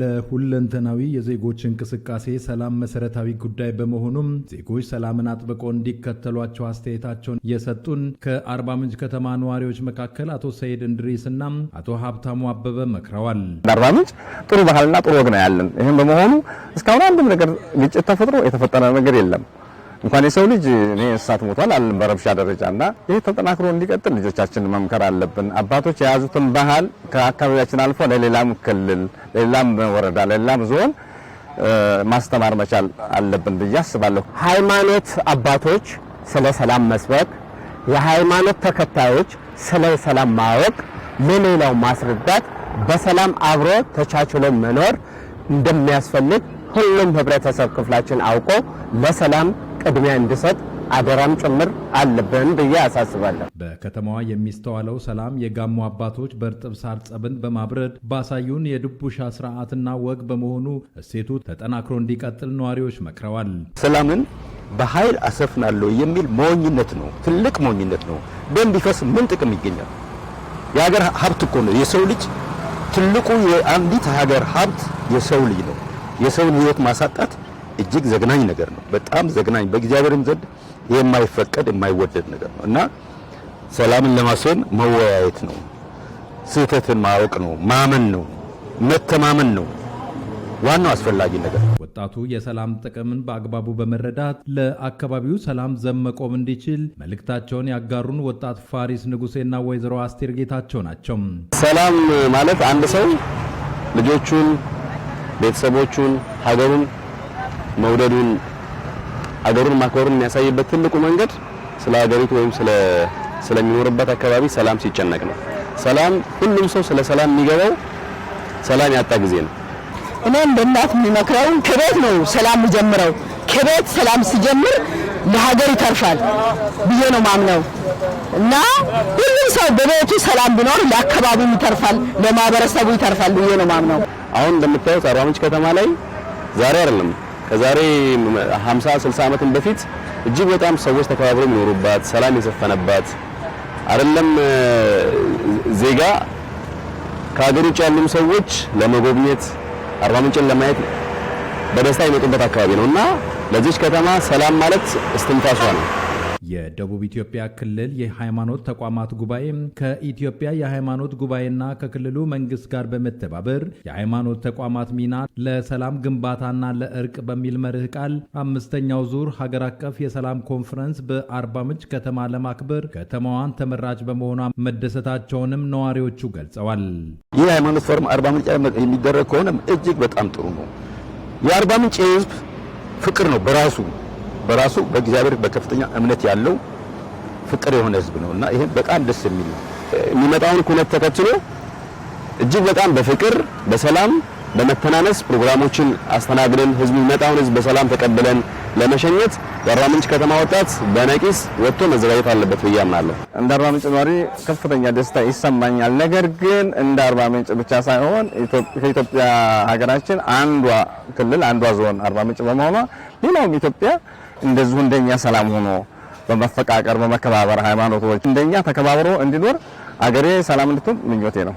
ለሁለንተናዊ የዜጎች እንቅስቃሴ ሰላም መሰረታዊ ጉዳይ በመሆኑም ዜጎች ሰላምን አጥብቀው እንዲከተሏቸው አስተያየታቸውን የሰጡን ከአርባ ምንጭ ከተማ ነዋሪዎች መካከል አቶ ሰይድ እንድሪስ እና አቶ ሀብታሙ አበበ መክረዋል። አርባ ምንጭ ጥሩ ባህልና ጥሩ ወግ ነው ያለን። ይህም በመሆኑ እስካሁን አንድም ነገር ግጭት ተፈጥሮ የተፈጠረ ነገር የለም። እንኳን የሰው ልጅ እኔ እንስሳት ሞቷል አለም በረብሻ ደረጃ እና ይህ ተጠናክሮ እንዲቀጥል ልጆቻችን መምከር አለብን። አባቶች የያዙትን ባህል ከአካባቢያችን አልፎ ለሌላም ክልል፣ ለሌላም ወረዳ፣ ለሌላም ዞን ማስተማር መቻል አለብን ብዬ አስባለሁ። ሃይማኖት አባቶች ስለ ሰላም መስበክ፣ የሃይማኖት ተከታዮች ስለ ሰላም ማወቅ፣ ለሌላው ማስረዳት፣ በሰላም አብሮ ተቻችሎ መኖር እንደሚያስፈልግ ሁሉም ህብረተሰብ ክፍላችን አውቆ ለሰላም ቅድሚያ እንዲሰጥ አደራም ጭምር አለብን ብዬ አሳስባለሁ። በከተማዋ የሚስተዋለው ሰላም የጋሞ አባቶች በእርጥብ ሳር ጸብን በማብረድ ባሳዩን የድቡሻ ስርዓትና ወግ በመሆኑ እሴቱ ተጠናክሮ እንዲቀጥል ነዋሪዎች መክረዋል። ሰላምን በኃይል አሰፍናለሁ የሚል ሞኝነት ነው፣ ትልቅ ሞኝነት ነው። ደም ቢፈስ ምን ጥቅም ይገኛል? የሀገር ሀብት እኮ ነው የሰው ልጅ። ትልቁ የአንዲት ሀገር ሀብት የሰው ልጅ ነው። የሰውን ህይወት ማሳጣት እጅግ ዘግናኝ ነገር ነው። በጣም ዘግናኝ፣ በእግዚአብሔርም ዘንድ የማይፈቀድ የማይወደድ ነገር ነው እና ሰላምን ለማስፈን መወያየት ነው። ስህተትን ማወቅ ነው። ማመን ነው። መተማመን ነው። ዋናው አስፈላጊ ነገር ወጣቱ የሰላም ጥቅምን በአግባቡ በመረዳት ለአካባቢው ሰላም ዘብ መቆም እንዲችል መልእክታቸውን ያጋሩን ወጣት ፋሪስ ንጉሴና ወይዘሮ አስቴር ጌታቸው ናቸው። ሰላም ማለት አንድ ሰው ልጆቹን፣ ቤተሰቦቹን፣ ሀገሩን መውደዱን አገሩን ማክበሩን የሚያሳይበት ትልቁ መንገድ ስለ ሀገሪቱ ወይም ስለ ስለሚኖርበት አካባቢ ሰላም ሲጨነቅ ነው። ሰላም ሁሉም ሰው ስለ ሰላም የሚገባው ሰላም ያጣ ጊዜ ነው። እኔ እንደ እናት የሚመክረው ከቤት ነው ሰላም የምጀምረው ከቤት ሰላም ሲጀምር ለሀገር ይተርፋል ብዬ ነው ማምነው እና ሁሉም ሰው በቤቱ ሰላም ቢኖር ለአካባቢው ይተርፋል፣ ለማህበረሰቡ ይተርፋል ብዬ ነው ማምነው። አሁን እንደምታዩት አርባ ምንጭ ከተማ ላይ ዛሬ አይደለም ከዛሬ 50 60 ዓመትም በፊት እጅግ በጣም ሰዎች ተከባብረው የሚኖሩባት ሰላም የሰፈነባት አይደለም ዜጋ ከሀገር ውጭ ያሉም ሰዎች ለመጎብኘት አርባ ምንጭን ለማየት በደስታ የመጡበት አካባቢ ነው እና ለዚች ከተማ ሰላም ማለት እስትንፋሷ ነው። የደቡብ ኢትዮጵያ ክልል የሃይማኖት ተቋማት ጉባኤ ከኢትዮጵያ የሃይማኖት ጉባኤና ከክልሉ መንግስት ጋር በመተባበር የሃይማኖት ተቋማት ሚና ለሰላም ግንባታና ለእርቅ በሚል መርህ ቃል አምስተኛው ዙር ሀገር አቀፍ የሰላም ኮንፈረንስ በአርባ ምንጭ ከተማ ለማክበር ከተማዋን ተመራጭ በመሆኗ መደሰታቸውንም ነዋሪዎቹ ገልጸዋል። ይህ ሃይማኖት ፎረም አርባ ምንጭ የሚደረግ ከሆነም እጅግ በጣም ጥሩ ነው። የአርባ ምንጭ የህዝብ ፍቅር ነው በራሱ በራሱ በእግዚአብሔር በከፍተኛ እምነት ያለው ፍቅር የሆነ ህዝብ ነው እና ይሄ በጣም ደስ የሚል ነው። የሚመጣውን ኩነት ተከትሎ እጅግ በጣም በፍቅር በሰላም በመተናነስ ፕሮግራሞችን አስተናግደን ህዝቡ የሚመጣውን ህዝብ በሰላም ተቀብለን ለመሸኘት የአርባምንጭ ከተማ ወጣት በነቂስ ወጥቶ መዘጋጀት አለበት ብዬ አምናለሁ። እንደ አርባምንጭ ነዋሪ ከፍተኛ ደስታ ይሰማኛል። ነገር ግን እንደ አርባምንጭ ብቻ ሳይሆን ከኢትዮጵያ ሀገራችን አንዷ ክልል አንዷ ዞን አርባምንጭ በመሆኗ ሌላውም ኢትዮጵያ እንደዚሁ እንደኛ ሰላም ሆኖ በመፈቃቀር በመከባበር ሃይማኖቶች እንደኛ ተከባብሮ እንዲኖር አገሬ ሰላም እንድትሆን ምኞቴ ነው።